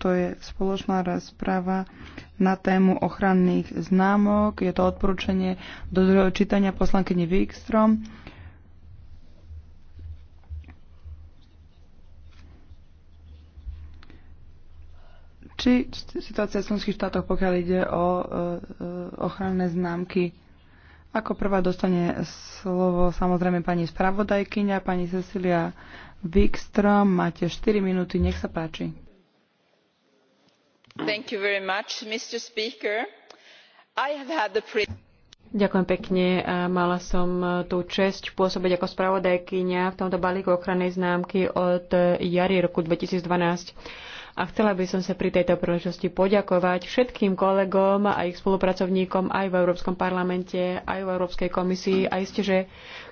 to je spoločná rozprava na tému ochranných známok. Je to odporúčanie do druhého čítania poslankyne Wikstrom. Či situácia v členských štátoch, pokiaľ ide o e, e, ochranné známky, ako prvá dostane slovo samozrejme pani spravodajkyňa, pani Cecilia Wikstrom. Máte 4 minúty, nech sa páči. Ďakujem pekne. Mala som e, tú česť pôsobiť ako spravodajkyňa v tomto balíku ochrannej známky od jary roku 2012. A chcela by som sa pri tejto príležitosti poďakovať všetkým kolegom a ich spolupracovníkom aj v Európskom parlamente, aj v Európskej komisii. A isté, že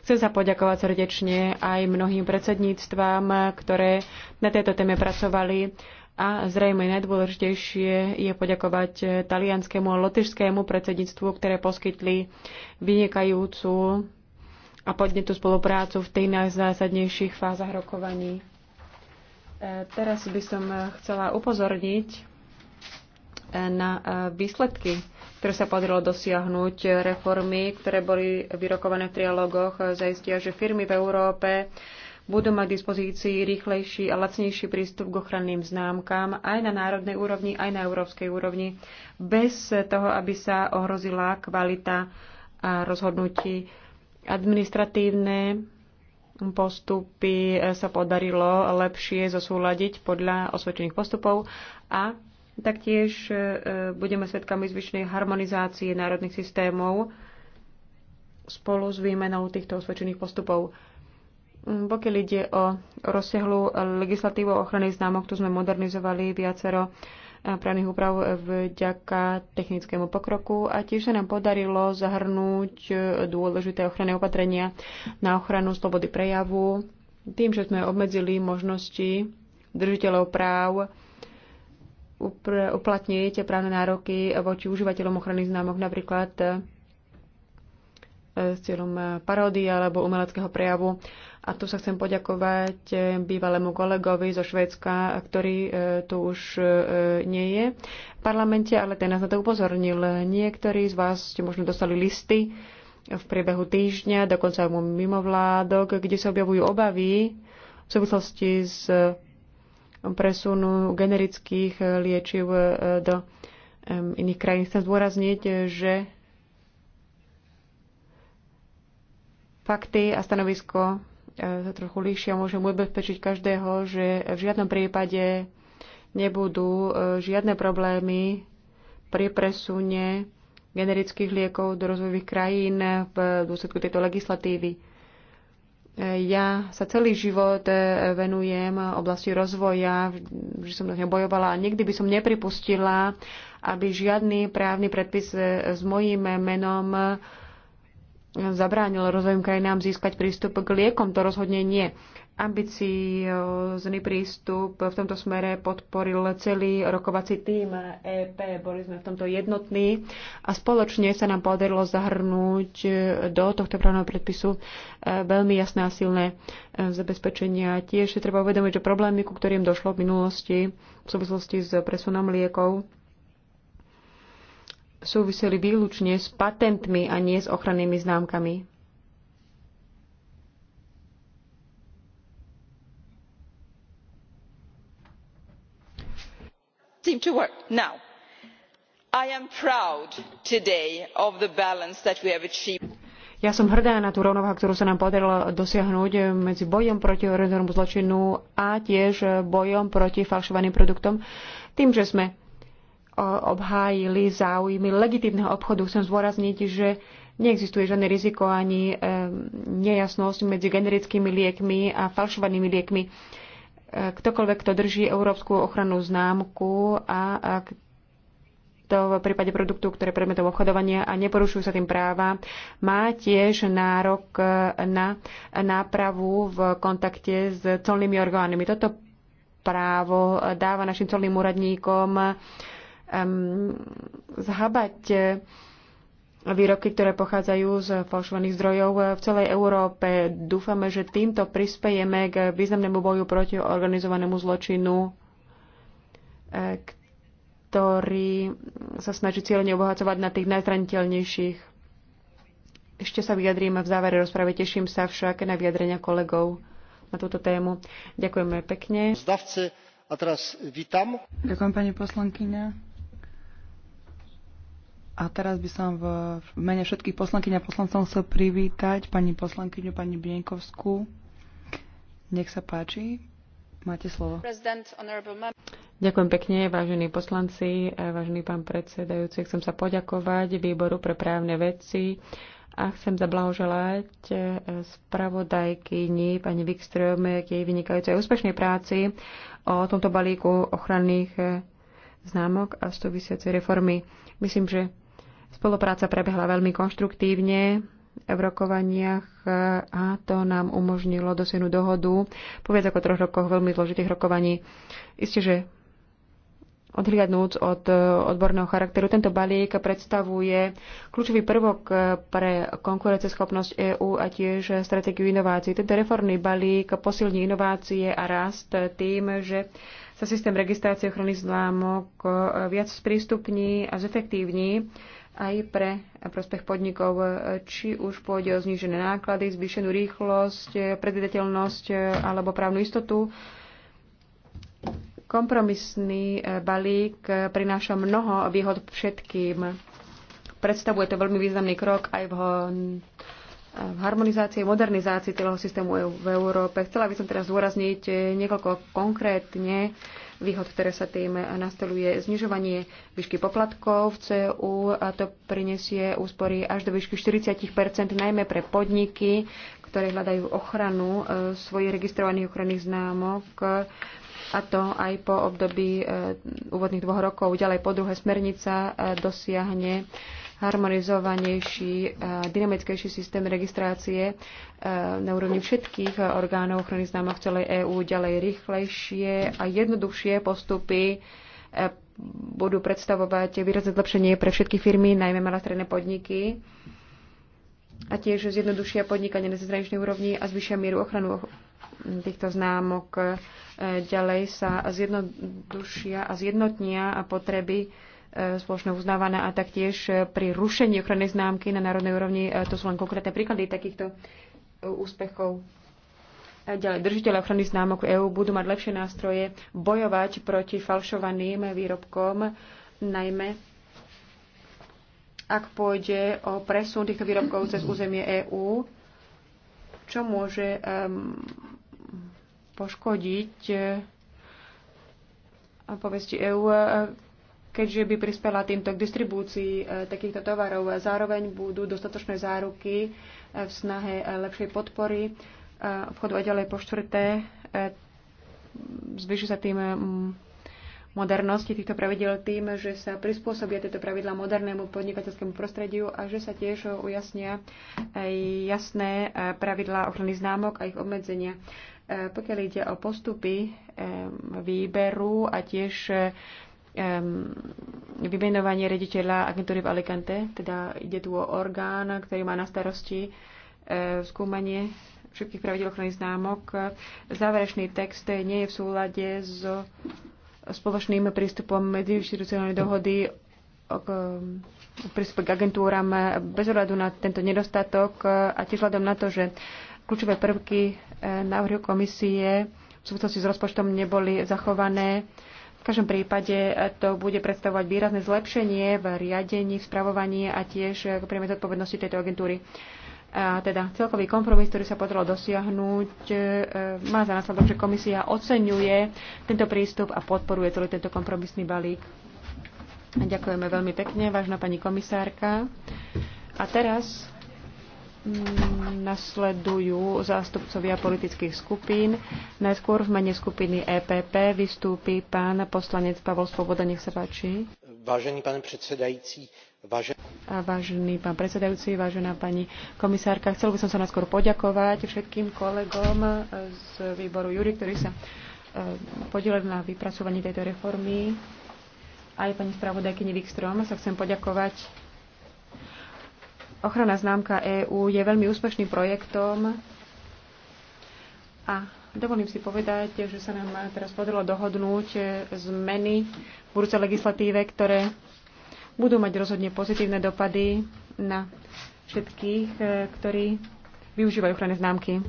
chcem sa poďakovať srdečne aj mnohým predsedníctvam ktoré na tejto téme pracovali a zrejme najdôležitejšie je poďakovať talianskému a lotyšskému predsedníctvu, ktoré poskytli vynikajúcu a podnetú spoluprácu v tých najzásadnejších fázach rokovaní. E, teraz by som chcela upozorniť e, na e, výsledky, ktoré sa podarilo dosiahnuť, reformy, ktoré boli vyrokované v trialógoch, zaistia, že firmy v Európe budú mať k dispozícii rýchlejší a lacnejší prístup k ochranným známkam aj na národnej úrovni, aj na európskej úrovni, bez toho, aby sa ohrozila kvalita a rozhodnutí. Administratívne postupy eh, sa podarilo lepšie zosúľadiť podľa osvedčených postupov a taktiež eh, budeme svedkami zvyšnej harmonizácie národných systémov spolu s výmenou týchto osvedčených postupov. Mm, pokiaľ ide o rozsiahlu legislatívu ochrany známok, tu sme modernizovali viacero eh, právnych úprav vďaka technickému pokroku a tiež sa nám podarilo zahrnúť eh, dôležité ochranné opatrenia na ochranu slobody prejavu tým, že sme obmedzili možnosti držiteľov práv uplatniť právne nároky voči užívateľom ochranných známok, napríklad eh, s cieľom paródy alebo umeleckého prejavu. A tu sa chcem poďakovať eh, bývalému kolegovi zo Švédska, ktorý eh, tu už eh, nie je v parlamente, ale ten nás na to upozornil. Niektorí z vás ste možno dostali listy v priebehu týždňa, dokonca aj mimovládok, kde sa objavujú obavy v súvislosti s presunu generických liečiv do iných krajín. Chcem zdôrazniť, že fakty a stanovisko e, sa trochu líšia. Môžem ubezpečiť každého, že v žiadnom prípade nebudú e, žiadne problémy pri presune generických liekov do rozvojových krajín v dôsledku tejto legislatívy. E, ja sa celý život venujem oblasti rozvoja, že som dosť bojovala a nikdy by som nepripustila, aby žiadny právny predpis s mojím menom zabránil rozvojom krajinám získať prístup k liekom. To rozhodne nie. Ambiciózny prístup v tomto smere podporil celý rokovací tým EP. Boli sme v tomto jednotní a spoločne sa nám podarilo zahrnúť do tohto právneho predpisu e, veľmi jasné a silné e, zabezpečenia. Tiež treba uvedomiť, že problémy, ku ktorým došlo v minulosti v súvislosti s presunom liekov, súviseli výlučne s patentmi a nie s ochrannými známkami. Seem to work now. I am proud today of the balance that we have achieved. Ja som hrdá na tú rovnováhu, ktorú sa nám podarilo dosiahnuť medzi bojom proti organizovanému zločinu a tiež bojom proti falšovaným produktom, tým, že sme obhájili záujmy legitímneho obchodu. Chcem zdôrazniť, že neexistuje žiadne riziko ani e, nejasnosť medzi generickými liekmi a falšovanými liekmi. E, ktokoľvek, kto drží európsku ochrannú známku a to v prípade produktu, ktoré predmetom obchodovania a neporušujú sa tým práva, má tiež nárok e, na nápravu v kontakte s colnými orgánmi. Toto právo dáva našim colným úradníkom zhabať eh, výroky, ktoré pochádzajú z falšovaných zdrojov eh, v celej Európe. Dúfame, že týmto prispejeme k významnému boju proti organizovanému zločinu, eh, ktorý sa snaží cieľne obohacovať na tých najzraniteľnejších. Ešte sa vyjadrím v závere rozprave. Teším sa však na vyjadrenia kolegov na túto tému. Ďakujeme pekne. Zdavce, a teraz vítam. Ďakujem, pani poslankyňa. A teraz by som v, mene všetkých poslankyň a poslancov chcel privítať pani poslankyňu, pani Bienkovskú. Nech sa páči, máte slovo. Ďakujem pekne, vážení poslanci, e, vážený pán predsedajúci. Chcem sa poďakovať Výboru pre právne veci a chcem zablahoželať e, spravodajkyni pani Wikström k jej vynikajúcej úspešnej práci o tomto balíku ochranných e, známok a súvisiacej reformy. Myslím, že Spolupráca prebehla veľmi konštruktívne v rokovaniach a to nám umožnilo dosiahnuť dohodu po viac ako troch rokoch veľmi zložitých rokovaní. Isté, že odhliadnúc od odborného charakteru, tento balík predstavuje kľúčový prvok pre konkurenceschopnosť EÚ a tiež stratégiu inovácií. Tento reformný balík posilní inovácie a rast tým, že sa systém registrácie ochrany známok viac sprístupní a zefektívni aj pre prospech podnikov, e, či už pôjde o znížené náklady, zvýšenú rýchlosť, e, predvidateľnosť e, alebo právnu istotu. Kompromisný balík prináša mnoho výhod všetkým. Predstavuje to veľmi významný krok aj v v harmonizácii, modernizácii celého systému EU v Európe. Chcela by som teraz zdôrazniť eh, niekoľko konkrétne výhod, ktoré sa tým nastoluje. Znižovanie výšky poplatkov v CU a to prinesie úspory až do výšky 40 najmä pre podniky, ktoré hľadajú ochranu eh, svojich registrovaných ochranných známok a to aj po období eh, úvodných dvoch rokov. Ďalej po druhé smernica dosiahne harmonizovanejší, e, dynamickejší systém registrácie e, na úrovni všetkých e, orgánov ochrany známok v celej EÚ, ďalej rýchlejšie a jednoduchšie postupy budú predstavovať výrazné zlepšenie pre všetky firmy, najmä malé stredné podniky a tiež zjednodušia podnikanie na zahraničnej úrovni a zvyšia mieru ochranu týchto známok. Ďalej sa zjednodušia a zjednotnia potreby spoločne uznávaná a taktiež eh, pri rušení ochrannej známky na národnej úrovni. Eh, to sú len konkrétne príklady takýchto eh, úspechov. Ďalej, držiteľe ochrany známok EÚ budú mať lepšie nástroje bojovať proti falšovaným výrobkom, najmä ak pôjde o presun týchto výrobkov cez územie EÚ, čo môže um, poškodiť a povesti EÚ keďže by prispela týmto k distribúcii e, takýchto tovarov. Zároveň budú dostatočné záruky e, v snahe e, lepšej podpory obchodu a ďalej po štvrté. Zvyši sa tým modernosti týchto pravidel tým, že sa prispôsobia tieto pravidla modernému podnikateľskému prostrediu a že sa tiež ujasnia jasné pravidlá ochrany známok a ich obmedzenia. Pokiaľ ide o postupy výberu a tiež um, vymenovanie rediteľa agentúry v Alicante, teda ide tu o orgán, ktorý má na starosti uh, skúmanie všetkých pravidel ochrany známok. Záverečný text nie je v súlade s spoločným prístupom medziinstitucionálnej dohody k prístupe k agentúram bez ohľadu na tento nedostatok a tiež hľadom na to, že kľúčové prvky e, návrhu komisie v súvislosti s rozpočtom neboli zachované. V každom prípade to bude predstavovať výrazné zlepšenie v riadení, v spravovaní a tiež k priamej zodpovednosti tejto agentúry. A teda celkový kompromis, ktorý sa podarilo dosiahnuť, e, má za následok, že komisia oceňuje tento prístup a podporuje celý tento kompromisný balík. Ďakujeme veľmi pekne, vážna pani komisárka. A teraz nasledujú zástupcovia politických skupín. Najskôr v mene skupiny EPP vystúpi pán poslanec Pavol Svoboda, nech sa páči. Vážený pán predsedajúci, vážený... vážený pán predsedajúci, vážená pani komisárka, chcel by som sa najskôr poďakovať všetkým kolegom z výboru Júri, ktorí sa e, podielali na vypracovaní tejto reformy. Aj pani spravodajkyni Wikstrom sa chcem poďakovať ochrana známka EÚ je veľmi úspešným projektom a dovolím si povedať, že sa nám teraz podarilo dohodnúť zmeny v budúcej legislatíve, ktoré budú mať rozhodne pozitívne dopady na všetkých, ktorí využívajú ochranné známky.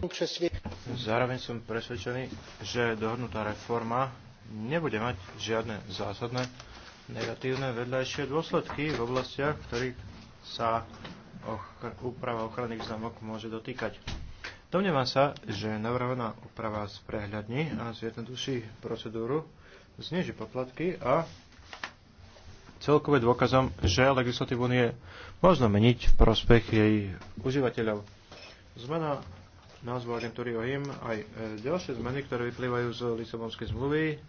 Zároveň som presvedčený, že dohodnutá reforma nebude mať žiadne zásadné negatívne vedľajšie dôsledky v oblastiach, ktorých sa ochr- úprava ochranných známok môže dotýkať. Domnievam sa, že navrhovaná úprava sprehľadní a zjednoduší procedúru, zniží poplatky a celkové dôkazom, že legislatívu nie možno meniť v prospech jej užívateľov. Zmena názvu agentúry OIM aj e, ďalšie zmeny, ktoré vyplývajú z Lisabonskej zmluvy,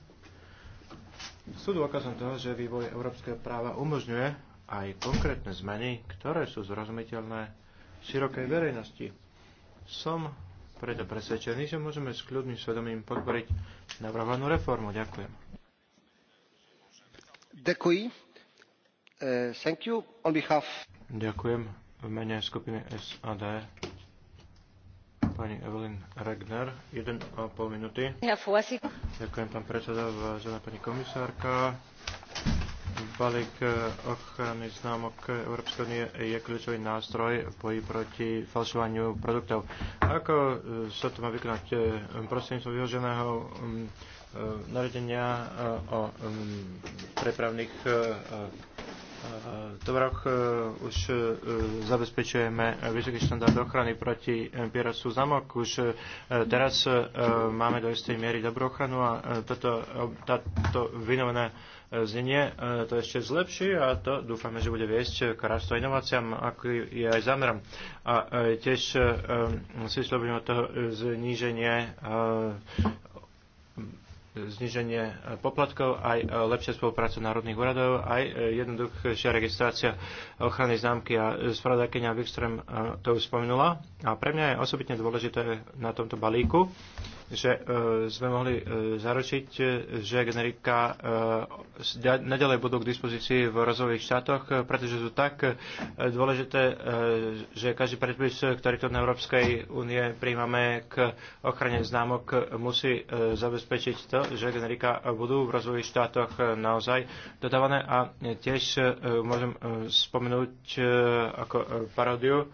sú dôkazom toho, že vývoj európskeho práva umožňuje aj konkrétne zmeny, ktoré sú zrozumiteľné širokej verejnosti. Som preto presvedčený, že môžeme s kľudným svedomím podporiť navrhovanú reformu. Ďakujem. Ďakujem. E, thank you on behalf... Ďakujem v mene skupiny SAD pani Evelyn Regner, 1,5 minúty. Ďakujem, pán predseda, vážená pani komisárka balík eh, ochrany známok Európskej únie je kľúčový nástroj v boji proti falšovaniu produktov. Ako eh, sa to má vykonať eh, prostredníctvom vyhoženého mm, nariadenia o mm, prepravných tovaroch e, už e, zabezpečujeme vysoký štandard ochrany proti piratstvu e, zamok. Už teraz máme do istej miery dobrú ochranu a toto, táto vynovené znenie to ešte zlepší a to dúfame, že bude viesť k rastu inováciám, ako je aj zámerom. A tiež si slobodíme od toho zníženie zniženie poplatkov, aj lepšia spolupráca národných úradov, aj jednoduchšia registrácia ochrany známky a Kenia Wikström eh, to už spomenula. A pre mňa je osobitne dôležité na tomto balíku, že e, sme mohli e, zaručiť, e, že generika nadalej budú k dispozícii v rozvojových štátoch, pretože sú tak dôležité, že každý predpis, ktorý tu na Európskej únie príjmame k ochrane známok, musí zabezpečiť to, že generika budú v rozvojových štátoch naozaj dodávané a tiež môžem spomenúť ako paródiu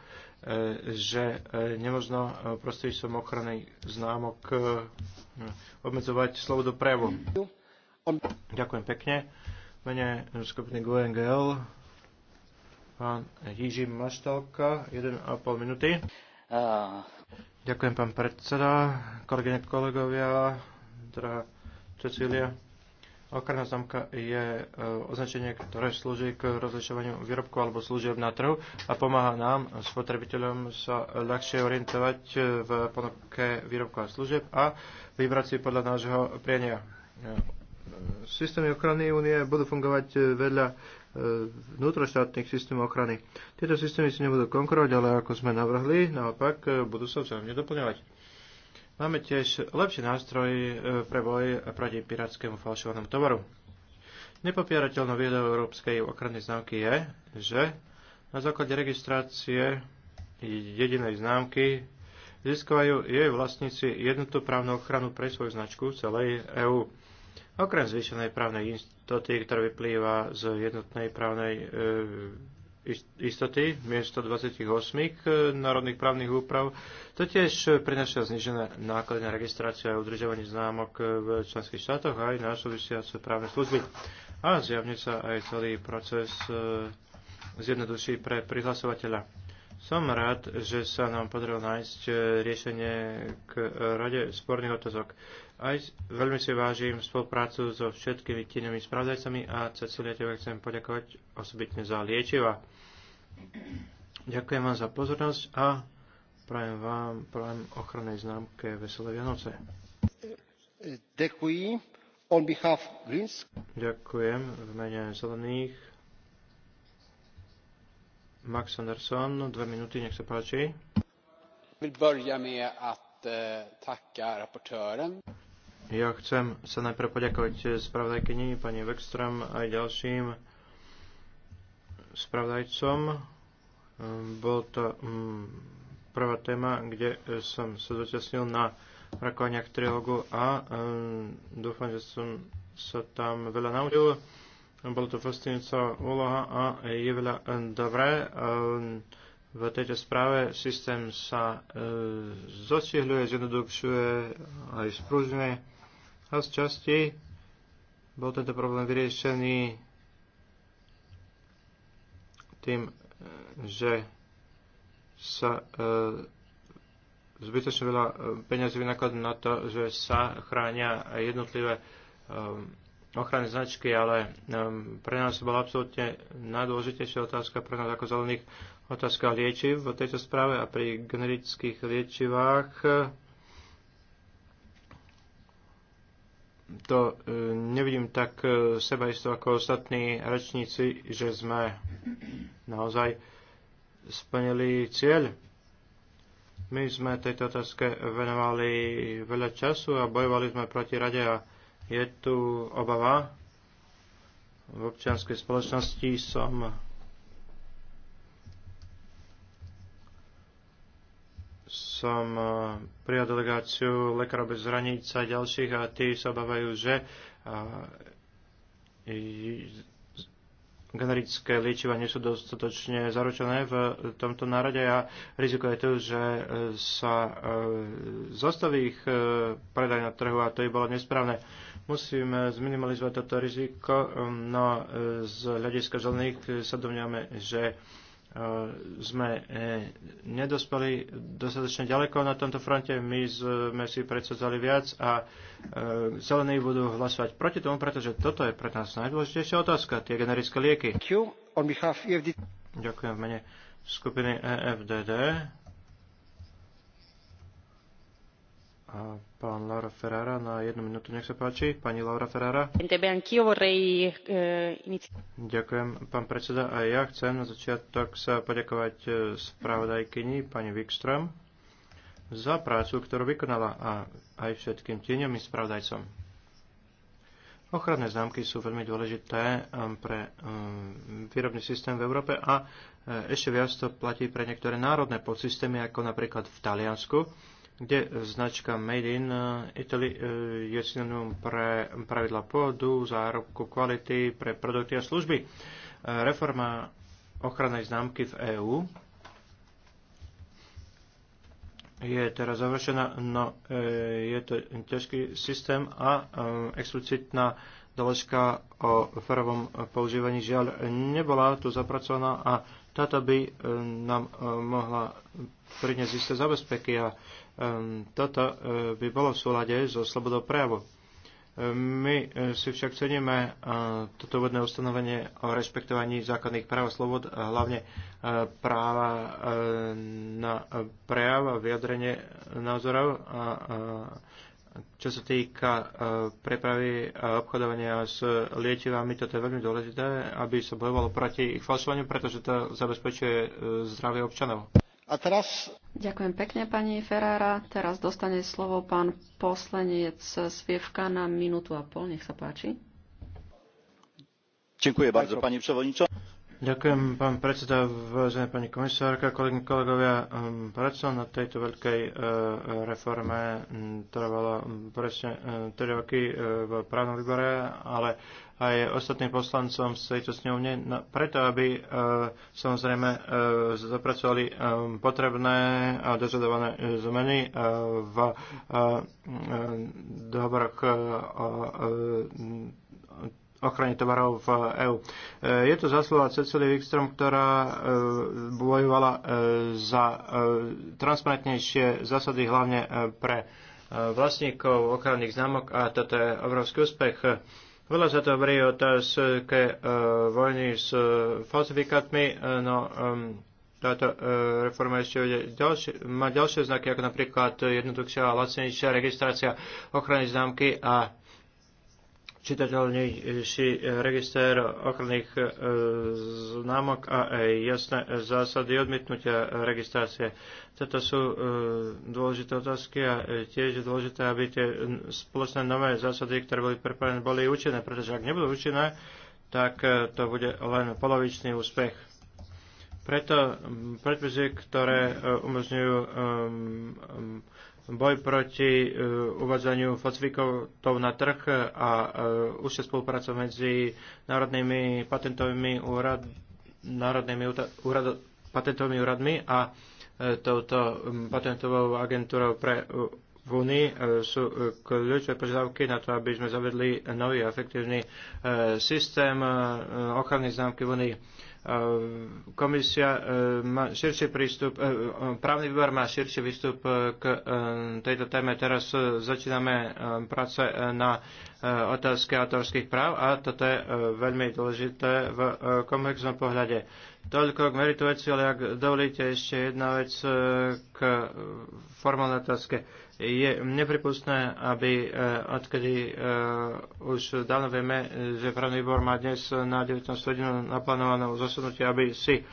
E, že e, nemožno e, prostredníctvom ochrany známok obmedzovať slobodu prejavu. Ďakujem pekne. Mene skupiny GUNGL pán Jiží Maštalka, 1,5 minúty. Ďakujem, pán predseda, kolegyne, kolegovia, drahá Cecília. Ochranná známka je e, označenie, ktoré slúži k rozlišovaniu výrobkov alebo služieb na trhu a pomáha nám, spotrebiteľom, sa ľahšie orientovať e, v ponuke výrobku a služieb a vybrať si podľa nášho priania. E, systémy ochrany únie budú fungovať vedľa vnútroštátnych systémov ochrany. Tieto systémy si nebudú konkurovať, ale ako sme navrhli, naopak budú sa vzájomne doplňovať. Máme tiež lepší nástroj e, pre boj proti pirátskému falšovanému tovaru. Nepopierateľnou viedou európskej ochrany známky je, že na základe registrácie jedinej známky získajú jej vlastníci jednotnú právnu ochranu pre svoju značku celej EÚ. Okrem zvýšenej právnej istoty, ktorá vyplýva z jednotnej právnej e, istoty miesto 28 e, národných právnych úprav. To tiež e, prináša znižené náklady na registráciu a udržovanie známok e, v členských štátoch aj na súvisiace právne služby. A zjavne sa aj celý proces zjednoduší pre prihlasovateľa. Som rád, že sa nám podarilo nájsť riešenie k rade sporných otázok. Aj veľmi si vážim spoluprácu so všetkými tínovými spravodajcami a Cecilia, tebe chcem poďakovať osobitne za liečiva. Ďakujem vám za pozornosť a prajem vám prajem ochrannej známke Veselé Vianoce. Ďakujem. On behalf Greens. Ďakujem v mene zelených. Max Anderson, dve minúty, nech sa páči. Vill börja med att eh, tacka rapportören. Ja chcem sa najprv poďakovať spravodajkyni pani Vekstrom aj ďalším spravodajcom. Bol to mm, prvá téma, kde som sa zúčastnil na rokovaniach trilógu a mm, dúfam, že som sa tam veľa naučil. Bolo to fascinujúca úloha a je veľa mm, dobré. V tejto správe systém sa e, zocihľuje, zjednodušuje aj sprúžne a z časti bol tento problém vyriešený tým, že sa e, zbytočne veľa e, peňazí vynakladujú na to, že sa chránia jednotlivé um, ochranné značky, ale e, pre nás bola absolútne najdôležitejšia otázka pre nás ako zelených otázka liečiv v tejto správe a pri generických liečivách. to e, nevidím tak e, sebaisto ako ostatní rečníci, že sme naozaj splnili cieľ. My sme tejto otázke venovali veľa času a bojovali sme proti rade a je tu obava. V občianskej spoločnosti som som eh, prijal delegáciu lekárov bez hraníc a ďalších a tí sa obávajú, že eh, generické liečiva nie sú dostatočne zaručené v tomto národe a riziko je to, že eh, sa zostaví ich predaj na trhu a to by bolo nesprávne. Musíme zminimalizovať toto riziko, no z hľadiska zelených sa domňame, že sme e, nedospeli dostatočne ďaleko na tomto fronte. My sme si predsedzali viac a e, zelení budú hlasovať proti tomu, pretože toto je pre nás najdôležitejšia otázka, tie generické lieky. E Ďakujem v mene skupiny EFDD. A pán Laura Ferrara na jednu minútu, nech sa páči. Pani Laura Ferrara. Eh, Ďakujem, pán predseda. A ja chcem na začiatok sa poďakovať eh, spravodajkyni pani Wikström za prácu, ktorú vykonala a aj všetkým tieňom i spravodajcom. Ochranné známky sú veľmi dôležité um, pre um, výrobný systém v Európe a eh, ešte viac to platí pre niektoré národné podsystémy, ako napríklad v Taliansku, kde značka Made in eh, Italy eh, je synonym pre pravidla pôdu, zárobku kvality, pre produkty a služby. Eh, reforma ochrannej známky v EÚ je teraz završená, no je to ťažký systém a explicitná doložka o ferovom používaní žiaľ nebola tu zapracovaná a táto by nám mohla priniesť isté zabezpeky a Ehm, toto eh, by bolo v súlade so slobodou právo. Ehm, my eh, si však ceníme eh, toto vodné ustanovenie o rešpektovaní základných práv a slobod, hlavne práva na prejav a vyjadrenie názorov a čo sa týka prepravy a obchodovania s liečivami, toto je veľmi dôležité, aby sa bojovalo proti ich falšovaniu, pretože to zabezpečuje zdravie občanov. A teraz... Ďakujem pekne, pani Ferrara. Teraz dostane slovo pán poslanec Svievka na minútu a pol. Nech sa páči. Ďakujem bardzo, pani przewodnicząca. Ďakujem, pán predseda, vážená pani komisárka, kolegy, kolegovia. Hm, Práca na tejto veľkej eh, reforme hm, trvala hm, presne 3 roky eh, v právnom výbore, ale aj ostatným poslancom z tejto snovne, no, preto aby eh, samozrejme zapracovali potrebné a dožadované zmeny v e, dohovoroch ochrane tovarov v EÚ. E, je to zaslova Cecily Wikström, ktorá e, bojovala e, za transparentnejšie zásady hlavne pre vlastníkov ochranných známok a toto je obrovský úspech. Veľa sa to hovorí o otázke vojny s falsifikátmi, no táto reforma ešte ďalšie, má ďalšie znaky, ako napríklad jednoduchšia a lacnejšia registrácia ochrany známky a čitateľnejší eh, register ochranných eh, známok a aj jasné zásady odmietnutia registrácie. Toto sú eh, dôležité otázky a tiež je dôležité, aby tie spoločné nové zásady, ktoré boli prepojené, boli účinné, pretože ak nebudú účinné, tak to bude len polovičný úspech. Preto predpisy, ktoré umožňujú boj proti eh, uvádzaniu fosfikov na trh a eh, už spolupráca medzi národnými patentovými úrad, národnými úrad, patentovými úradmi a eh, touto mm, patentovou agentúrou pre v uh, sú kľúčové požiadavky na to, aby sme zavedli nový efektívny systém ochrany známky v Uh, komisia e, má širší prístup, e, právny výbor má širší výstup e, k tejto téme. Teraz začíname práce na otázke autorských práv a toto je veľmi dôležité v komplexnom pohľade. Toľko k meritu veci, ale ak dovolíte ešte jedna vec k formálnej otázke je nepripustné, aby eh, odkedy eh, už dávno vieme, že právny výbor má dnes na 19 hodinu naplánované zasadnutie, aby si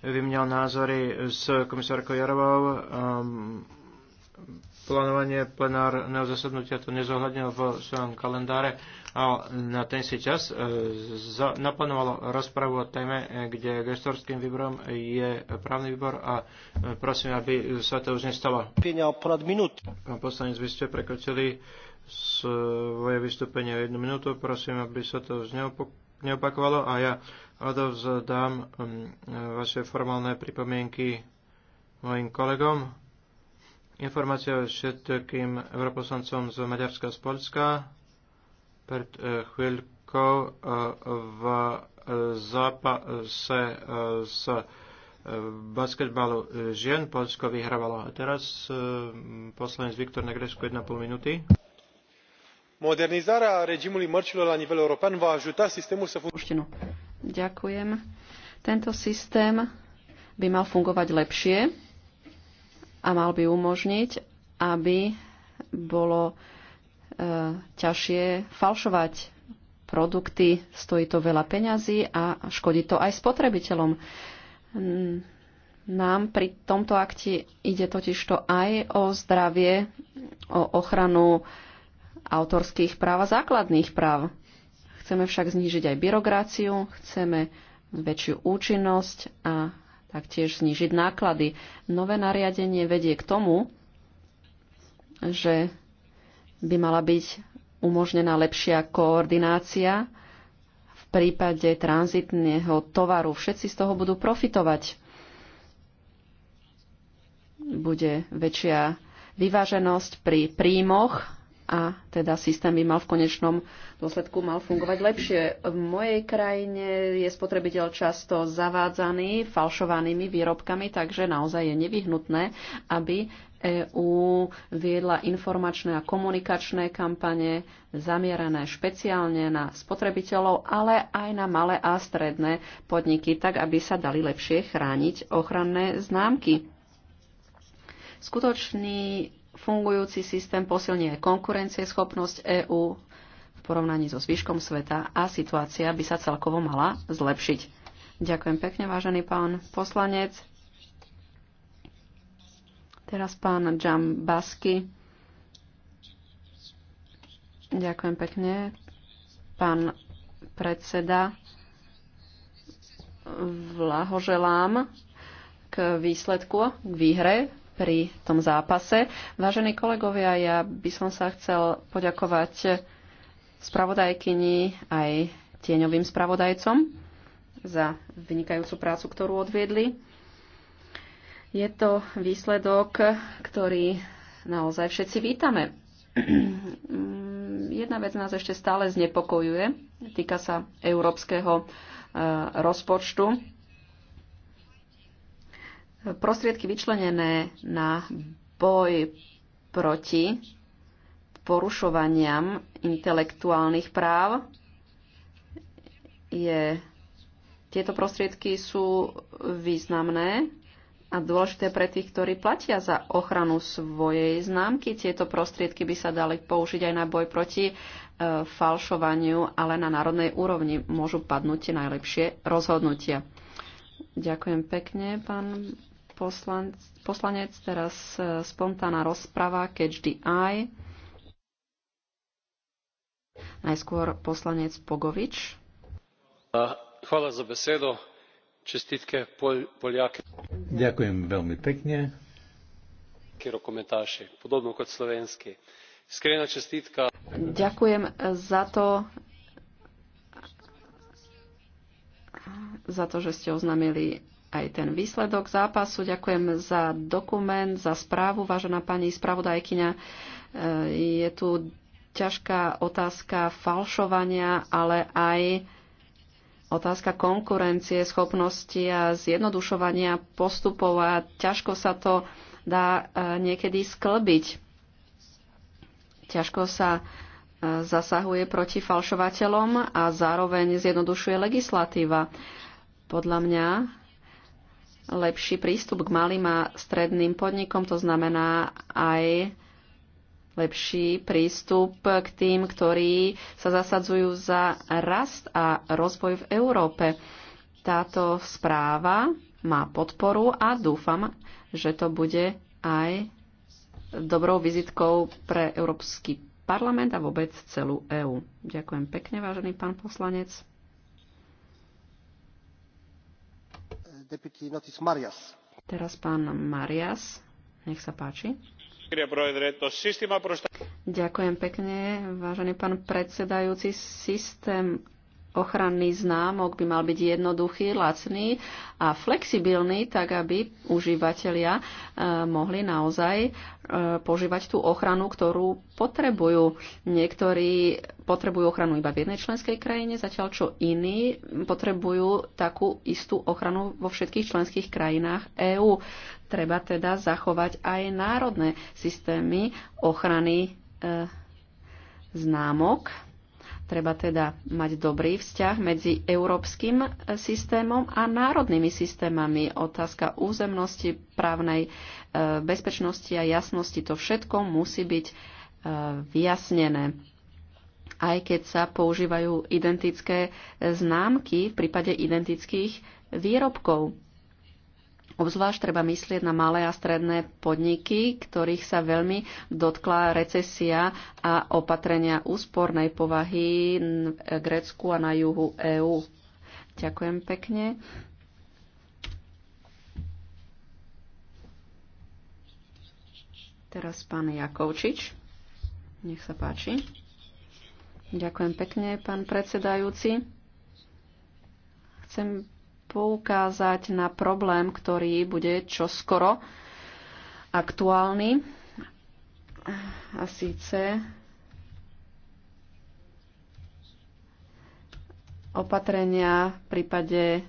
vymenil názory s komisárkou Jarovou ehm, plánovanie plenárneho zasadnutia to nezohľadnilo v svojom kalendáre a na ten si čas naplánoval e, naplánovalo rozpravu o téme, e, kde gestorským výborom je právny výbor a e, prosím, aby sa to už nestalo. Pán poslanec, vy ste prekočili svoje vystúpenie o jednu minútu. Prosím, aby sa to už neopakovalo a ja odovzdám vaše formálne pripomienky mojim kolegom informácia všetkým europoslancom z Maďarska a z Polska. Pred eh, chvíľkou eh, v zápase z eh, basketbalu žien Polsko vyhrávalo. A teraz poslanec Viktor Negrescu 1,5 minúty. Modernizarea regimului mărcilor la nivel european va ajuta sistemul să funcționeze. Ďakujem. Tento systém by mal fungovať lepšie a mal by umožniť, aby bolo e, ťažšie falšovať produkty, stojí to veľa peňazí a škodí to aj spotrebiteľom. Nám pri tomto akte ide totižto aj o zdravie, o ochranu autorských práv a základných práv. Chceme však znížiť aj byrokraciu, chceme väčšiu účinnosť a taktiež znižiť náklady. Nové nariadenie vedie k tomu, že by mala byť umožnená lepšia koordinácia v prípade tranzitného tovaru. Všetci z toho budú profitovať. Bude väčšia vyváženosť pri príjmoch a teda systém by mal v konečnom dôsledku mal fungovať lepšie. V mojej krajine je spotrebiteľ často zavádzaný falšovanými výrobkami, takže naozaj je nevyhnutné, aby EÚ viedla informačné a komunikačné kampane zamierané špeciálne na spotrebiteľov, ale aj na malé a stredné podniky, tak aby sa dali lepšie chrániť ochranné známky. Skutočný Fungujúci systém posilní aj konkurencieschopnosť EÚ v porovnaní so zvyškom sveta a situácia by sa celkovo mala zlepšiť. Ďakujem pekne, vážený pán poslanec. Teraz pán Jam Basky. Ďakujem pekne, pán predseda. Vlahoželám k výsledku, k výhre pri tom zápase. Vážení kolegovia, ja by som sa chcel poďakovať spravodajkyni aj tieňovým spravodajcom za vynikajúcu prácu, ktorú odviedli. Je to výsledok, ktorý naozaj všetci vítame. Jedna vec nás ešte stále znepokojuje. Týka sa európskeho eh, rozpočtu prostriedky vyčlenené na boj proti porušovaniam intelektuálnych práv je, tieto prostriedky sú významné a dôležité pre tých, ktorí platia za ochranu svojej známky. Tieto prostriedky by sa dali použiť aj na boj proti e, falšovaniu, ale na národnej úrovni môžu padnúť tie najlepšie rozhodnutia. Ďakujem pekne, pán poslanec, poslanec, teraz e, spontánna rozprava, catch the eye. Najskôr poslanec Pogovič. Hvala za besedo. Čestitke Pol, Poljake. Ďakujem veľmi pekne. Kero Rokometaši, podobno kot slovenski. Skrená čestitka. Ďakujem za to, za to, že ste oznámili aj ten výsledok zápasu. Ďakujem za dokument, za správu, vážená pani spravodajkyňa. E, je tu ťažká otázka falšovania, ale aj otázka konkurencie, schopnosti a zjednodušovania postupov a ťažko sa to dá e, niekedy sklbiť. Ťažko sa e, zasahuje proti falšovateľom a zároveň zjednodušuje legislatíva. Podľa mňa lepší prístup k malým a stredným podnikom, to znamená aj lepší prístup k tým, ktorí sa zasadzujú za rast a rozvoj v Európe. Táto správa má podporu a dúfam, že to bude aj dobrou vizitkou pre Európsky parlament a vôbec celú EÚ. Ďakujem pekne, vážený pán poslanec. Teraz pán Marias, nech sa páči. Ďakujem pekne, vážený pán predsedajúci. Systém ochranný známok by mal byť jednoduchý, lacný a flexibilný, tak aby užívateľia e, mohli naozaj e, požívať tú ochranu, ktorú potrebujú. Niektorí potrebujú ochranu iba v jednej členskej krajine, zatiaľ čo iní potrebujú takú istú ochranu vo všetkých členských krajinách EÚ. Treba teda zachovať aj národné systémy ochrany e, známok Treba teda mať dobrý vzťah medzi európskym e, systémom a národnými systémami. Otázka územnosti, právnej e, bezpečnosti a jasnosti, to všetko musí byť e, vyjasnené aj keď sa používajú identické známky v prípade identických výrobkov. Obzvlášť treba myslieť na malé a stredné podniky, ktorých sa veľmi dotkla recesia a opatrenia úspornej povahy v Grécku a na juhu EÚ. Ďakujem pekne. Teraz pán Jakovčič. Nech sa páči. Ďakujem pekne, pán predsedajúci. Chcem poukázať na problém, ktorý bude čoskoro aktuálny. A síce opatrenia v prípade e,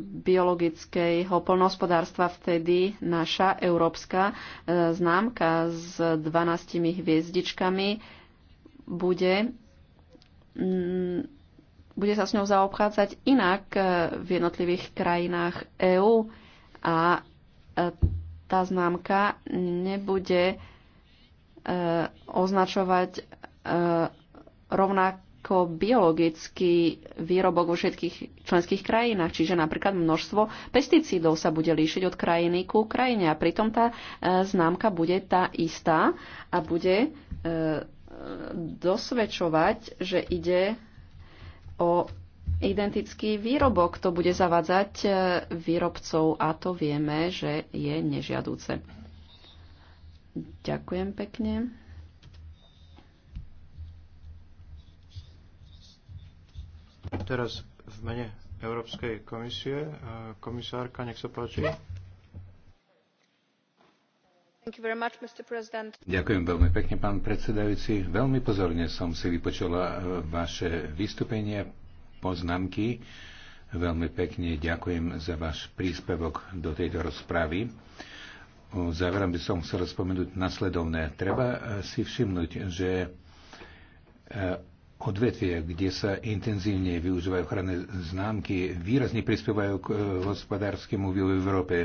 biologického polnohospodárstva vtedy naša európska e, známka s 12 hviezdičkami bude bude sa s ňou zaobchádzať inak e, v jednotlivých krajinách EÚ a e, tá známka nebude e, označovať rovnako biologický výrobok vo všetkých členských krajinách. Čiže napríklad množstvo pesticídov sa bude líšiť od krajiny ku krajine a pritom tá známka bude tá istá a bude dosvedčovať, že ide o identický výrobok. To bude zavádzať e, výrobcov a to vieme, že je nežiadúce. Ďakujem pekne. Teraz v mene Európskej komisie e, komisárka, nech sa páči. Ďakujem veľmi pekne, pán predsedajúci. Veľmi pozorne som si vypočula e, vaše vystúpenie, poznámky. Veľmi pekne ďakujem za váš príspevok do tejto rozpravy. Záverom by som chcel spomenúť nasledovné. Treba e, si všimnúť, že e, odvetvia, kde sa intenzívne využívajú ochranné známky, výrazne prispievajú k hospodárskému vývoju v Európe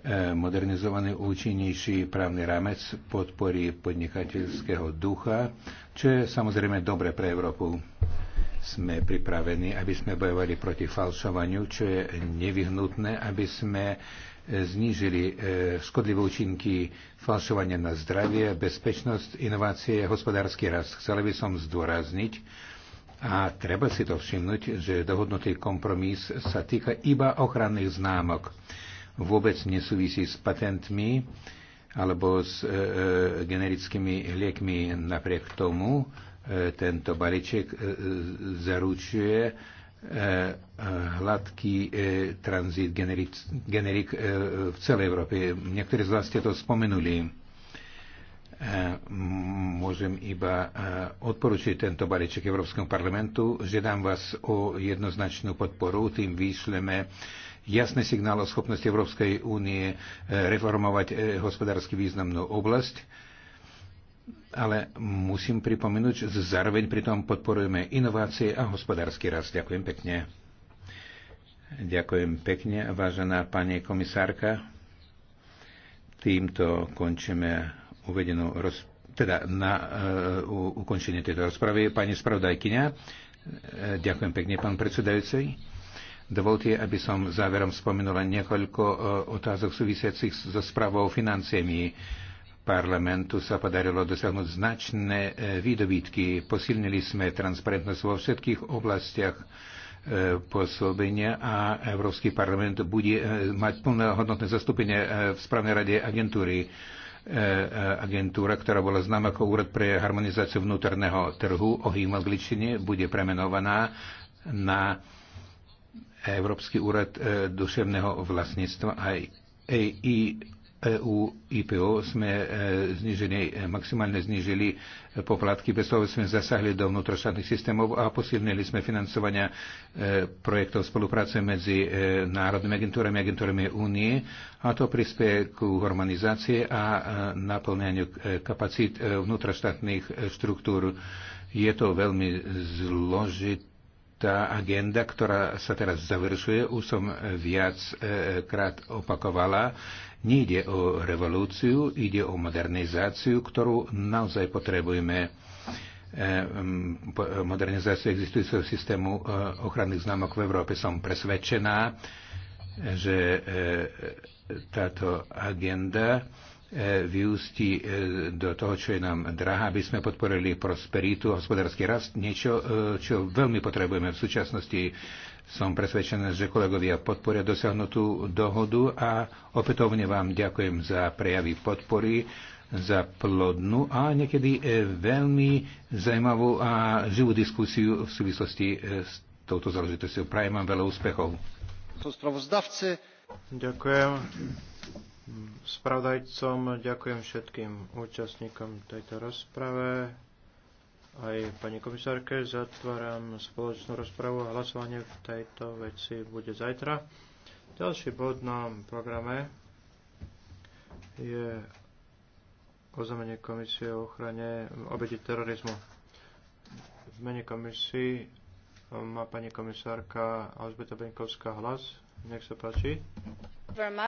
E, modernizovaný účinnejší právny rámec podpory podnikateľského ducha, čo je samozrejme dobre pre Európu. Sme pripravení, aby sme bojovali proti falšovaniu, čo je nevyhnutné, aby sme e, znížili e, škodlivé účinky falšovania na zdravie, bezpečnosť, inovácie, hospodársky rast. Chcel by som zdôrazniť, a treba si to všimnúť, že dohodnutý kompromis sa týka iba ochranných známok vôbec nesúvisí s patentmi alebo s e, e, generickými liekmi. Napriek tomu e, tento balíček e, zaručuje e, hladký e, tranzit generik, generik e, v celej Európe. Niektorí z vás ste to spomenuli. E, môžem iba e, odporučiť tento balíček Európskemu parlamentu. Žiadam vás o jednoznačnú podporu, tým vyšleme e, jasný signál o schopnosti Európskej únie e, reformovať e, hospodársky významnú oblasť. Ale musím pripomenúť, že zároveň pritom podporujeme inovácie a hospodársky rast. Ďakujem pekne. Ďakujem pekne, vážená pani komisárka. Týmto končíme uvedenú roz... teda na uh, ukončenie tejto rozpravy. Pani spravodajkyňa, ďakujem pekne, pán predsedajúci. Dovolte, aby som záverom len niekoľko e, otázok súvisiacich so správou financiami. Parlamentu sa podarilo dosiahnuť značné e, výdobytky. Posilnili sme transparentnosť vo všetkých oblastiach e, pôsobenia a Európsky parlament bude mať hodnotné zastúpenie v správnej rade agentúry. Agentúra, ktorá bola známa ako Úrad pre harmonizáciu vnútorného trhu, ohým v angličtine, bude premenovaná na Európsky úrad e, duševného vlastníctva aj EU e IPO sme e, znižili, maximálne znižili poplatky, toho sme zasahli do vnútroštátnych systémov a posilnili sme financovania projektov spolupráce medzi národnými agentúrami a agentúrami únie a to prispieje ku harmonizácii a naplňaniu kapacít vnútroštátnych štruktúr. Je to veľmi zložité tá agenda, ktorá sa teraz završuje, už som viackrát e, opakovala, nejde o revolúciu, ide o modernizáciu, ktorú naozaj potrebujeme e, modernizáciu existujúceho systému e, ochranných známok v Európe. Som presvedčená, že táto agenda E, vyústi e, do toho, čo je nám drahá, aby sme podporili prosperitu, hospodársky rast, niečo, e, čo veľmi potrebujeme v súčasnosti. Som presvedčený, že kolegovia podporia dosiahnutú dohodu a opätovne vám ďakujem za prejavy podpory, za plodnú a niekedy veľmi zaujímavú a živú diskusiu v súvislosti s touto záležitosťou. Prajem vám veľa úspechov. Ďakujem spravodajcom, ďakujem všetkým účastníkom tejto rozprave, aj pani komisárke. Zatváram spoločnú rozpravu a hlasovanie v tejto veci bude zajtra. Ďalší bod na programe je oznámenie komisie o ochrane obeti terorizmu. V mene komisii má pani komisárka Alžbeta Benkovská hlas. Nech sa páči.